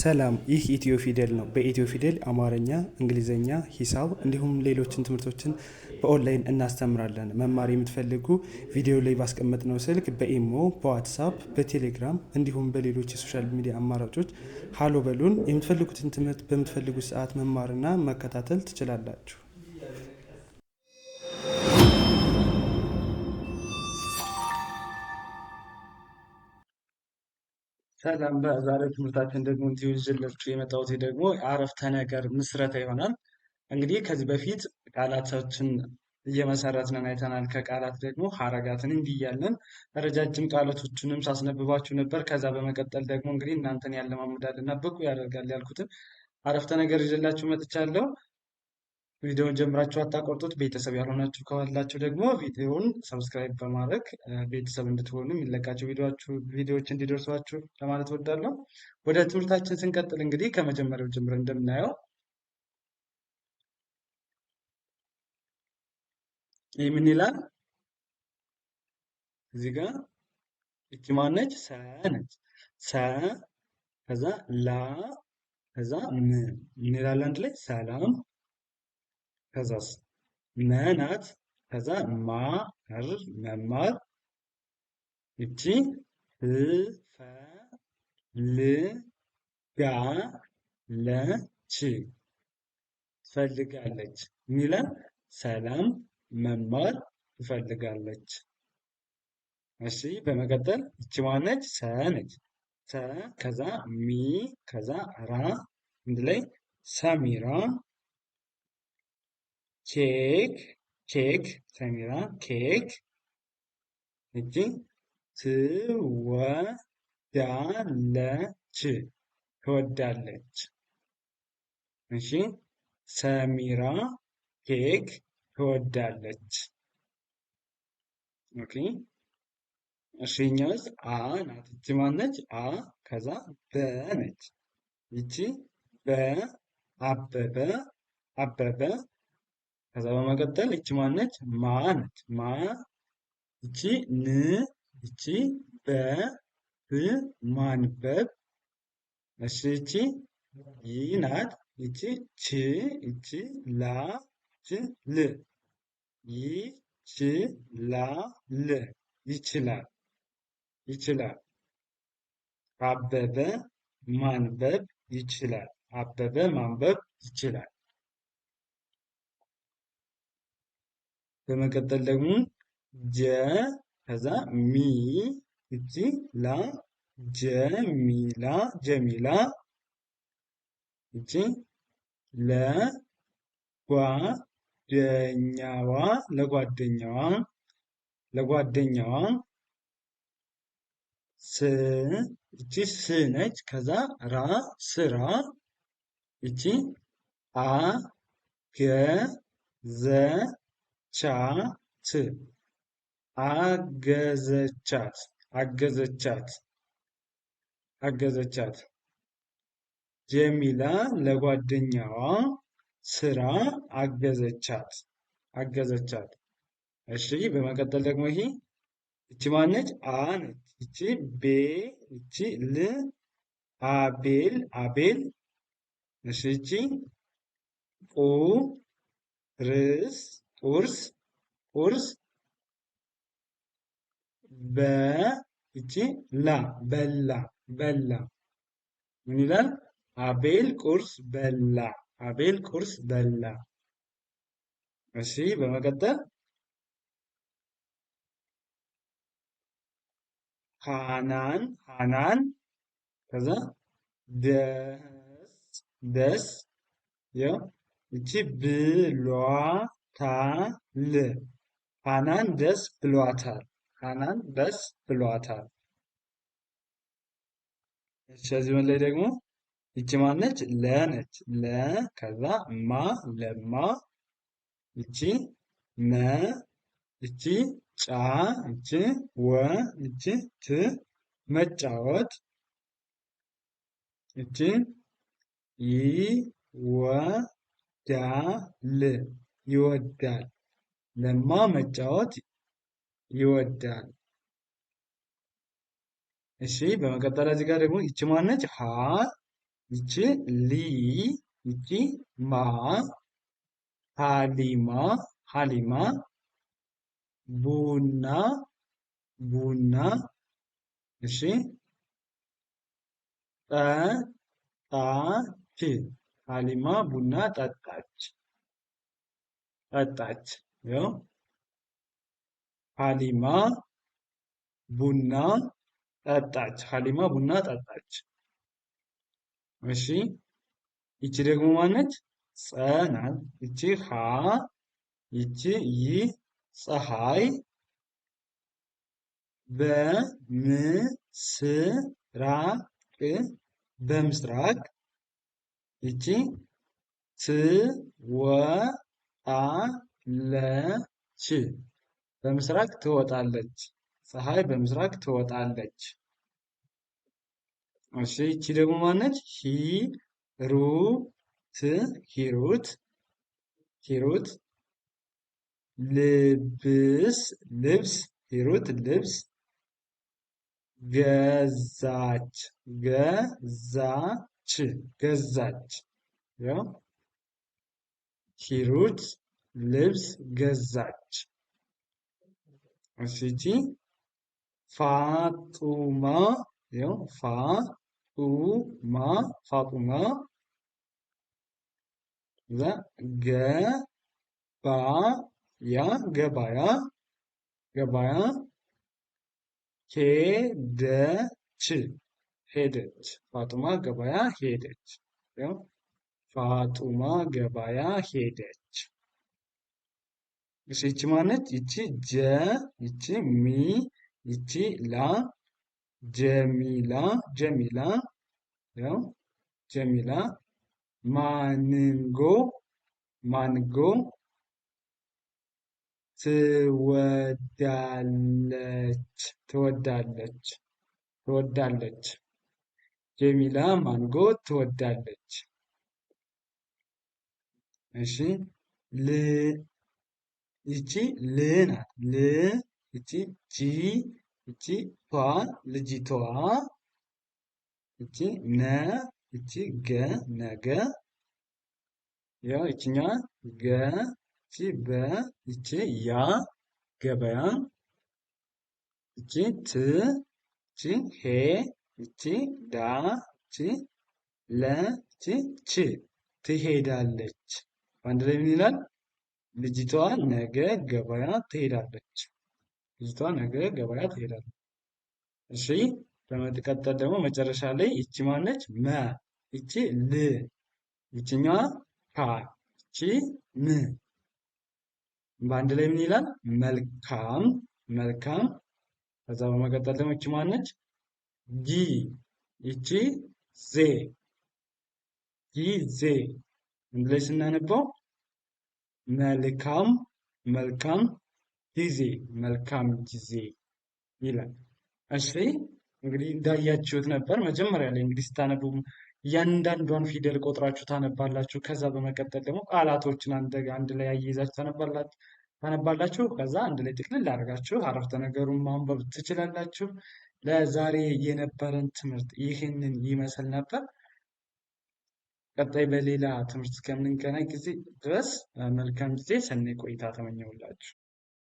ሰላም፣ ይህ ኢትዮ ፊደል ነው። በኢትዮ ፊደል አማርኛ፣ እንግሊዝኛ፣ ሂሳብ እንዲሁም ሌሎችን ትምህርቶችን በኦንላይን እናስተምራለን። መማር የምትፈልጉ ቪዲዮ ላይ ባስቀመጥነው ስልክ በኢሞ፣ በዋትሳፕ፣ በቴሌግራም እንዲሁም በሌሎች የሶሻል ሚዲያ አማራጮች ሀሎ በሉን። የምትፈልጉትን ትምህርት በምትፈልጉት ሰዓት መማርና መከታተል ትችላላችሁ። ሰላም በዛሬ ትምህርታችን ደግሞ እንዲሁ ይዤላችሁ የመጣሁት ደግሞ አረፍተ ነገር ምስረታ ይሆናል። እንግዲህ ከዚህ በፊት ቃላቶችን እየመሰረትንን አይተናል። ከቃላት ደግሞ ሀረጋትን እንዲያለን ረጃጅም ቃላቶችንም ሳስነብባችሁ ነበር። ከዛ በመቀጠል ደግሞ እንግዲህ እናንተን ያለማሙዳል ብቁ ያደርጋል ያልኩትን አረፍተ ነገር ይዤላችሁ መጥቻለሁ። ቪዲዮውን ጀምራችሁ አታቆርጡት። ቤተሰብ ያልሆናችሁ ካላችሁ ደግሞ ቪዲዮውን ሰብስክራይብ በማድረግ ቤተሰብ እንድትሆኑ የሚለቃቸው ቪዲዮዎች እንዲደርሷችሁ ለማለት ወዳለሁ። ወደ ትምህርታችን ስንቀጥል እንግዲህ ከመጀመሪያው ጀምረ እንደምናየው ይህ ምን ይላል? እዚህ ጋ እቺ ነች? ሰ ነች። ሰ ከዛ ላ ከዛ ም ይላል? አንድ ላይ ሰላም ከዛስ መናት ከዛ ማር መማር እቺ ህፈ ል ትፈልጋለች ሚለን ሰላም መማር ትፈልጋለች። እሺ በመቀጠል እቺ ማነች? ሰ ነች። ሰ ከዛ ሚ ከዛ ራ አንድ ላይ ሰሚራ ኬክ ኬክ ሰሚራ ኬክ እጅ ትወዳለች ትወዳለች። እሺ ሰሚራ ኬክ ትወዳለች። ኦኬ እሺ እኛውስ አ ናት። እቺ ማነች? አ ከዛ በ ነች። ይቺ በ አበበ አበበ ከዛ በመቀጠል እቺ ማነች? ማ ነች። ማ እቺ ን እቺ በ ብ ማንበብ እሺ። እቺ ይ ናት። እቺ ች እቺ ላ ች ል ይ ች ላ ል ይችላል ይችላል። አበበ ማንበብ ይችላል። አበበ ማንበብ ይችላል። በመቀጠል ደግሞ ጀ ከዛ ሚ እቺ ላ ጀሚላ ጀሚላ እቺ ለ ጓደኛዋ ለጓደኛዋ ለጓደኛዋ ስ እቺ ስ ነች። ከዛ ራ ስራ እቺ አ ገ ዘ ቻት አገዘቻት አገዘቻት አገዘቻት ጀሚላ ለጓደኛዋ ስራ አገዘቻት አገዘቻት። እሺ በመቀጠል ደግሞ ይሄ እቺ ማነች? አ ነች። እቺ ቤ እቺ ል አቤል አቤል። እሺ እቺ ቁ ርስ ቁርስ ቁርስ በ እቺ ላ በላ በላ ምን ይላል? አቤል ቁርስ በላ አቤል ቁርስ በላ። እሺ በመቀጠል ሃናን ሃናን ከዛ ደስ ደስ ያው እቺ ብሏ ታል ሃናን ደስ ብሏታል። ሃናን ደስ ብሏታል። እዚህ ላይ ደግሞ ይቺ ማነች? ለነች ለ ከዛ ማ ለማ ይቺ መ ይቺ ጫ ይቺ ወ ይቺ ት መጫወት ይቺ ይ ወ ዳ ል ይወዳል። ለማ መጫወት ይወዳል። እሺ በመቀጠል እዚህ ጋር ደግሞ ይቺ ማነች? ሀ ይቺ ሊ ይቺ ማ ሀሊማ ሀሊማ ቡና ቡና እሺ ጠጣች ሀሊማ ቡና ጠጣች። ጠጣች። ሀሊማ ቡና ጠጣች። ሀሊማ ቡና ጠጣች። እሺ ይቺ ደግሞ ማነች? ጸናል። ይቺ ሀ ይቺ ይ ፀሐይ በምስራቅ በምስራቅ ይቺ ትወ አለች በምስራቅ ትወጣለች። ፀሐይ በምስራቅ ትወጣለች። እሺ ይቺ ደግሞ ማነች? ሂሩት ሂሩት ሂሩት ልብስ ልብስ ሂሩት ልብስ ገዛች ገዛች ገዛች ሂሩት ልብስ ገዛች። እስቲ ፋጡማ ያው ፋጡማ ፋጡማ ገባያ ገባያ ገባያ ሄደች ሄደች ፋጡማ ገባያ ሄደች ያው ፋጡማ ገበያ ሄደች። እሺ ይቺ ማነች? ይቺ ጀ፣ ይቺ ሚ፣ ይቺ ላ፣ ጀሚላ፣ ጀሚላ ያው ጀሚላ፣ ማንጎ፣ ማንጎ ትወዳለች፣ ትወዳለች፣ ትወዳለች። ጀሚላ ማንጎ ትወዳለች። እሺ ል ይቺ ል ናት። ል ይቺ ጂ ይቺ ቷ ልጅቷ ይቺ ነ ይቺ ገ ነገ ያው ይቺኛ ገ ይቺ በ ይቺ ያ ገበያ ይቺ ት ይቺ ሄ ይቺ ዳ ይቺ ለ ይቺ ች ትሄዳለች። አንድ ላይ ምን ይላል? ልጅቷ ነገ ገበያ ትሄዳለች። ልጅቷ ነገ ገበያ ትሄዳለች። እሺ በመቀጠል ደግሞ መጨረሻ ላይ ይቺ ማነች? መ ይቺ ል ይችኛዋ ካ ይቺ ም በአንድ ላይ ምን ይላል? መልካም መልካም። ከዛ በመቀጠል ደግሞ ይቺ ማነች? ጊ ይቺ ዜ ጊዜ ላይ ስናነባው መልካም መልካም ጊዜ መልካም ጊዜ ይላል። እሺ እንግዲህ እንዳያችሁት ነበር መጀመሪያ ላይ እንግዲህ ስታነቡ እያንዳንዷን ፊደል ቆጥራችሁ ታነባላችሁ። ከዛ በመቀጠል ደግሞ ቃላቶችን አንድ ላይ አያይዛችሁ ታነባላችሁ ታነባላችሁ ከዛ አንድ ላይ ጥቅልል አድርጋችሁ አረፍተ ነገሩን ማንበብ ትችላላችሁ። ለዛሬ የነበረን ትምህርት ይህንን ይመስል ነበር። ቀጣይ በሌላ ትምህርት እስከምንገናኝ ጊዜ ድረስ መልካም ጊዜ፣ ሰኔ ቆይታ ተመኘውላችሁ።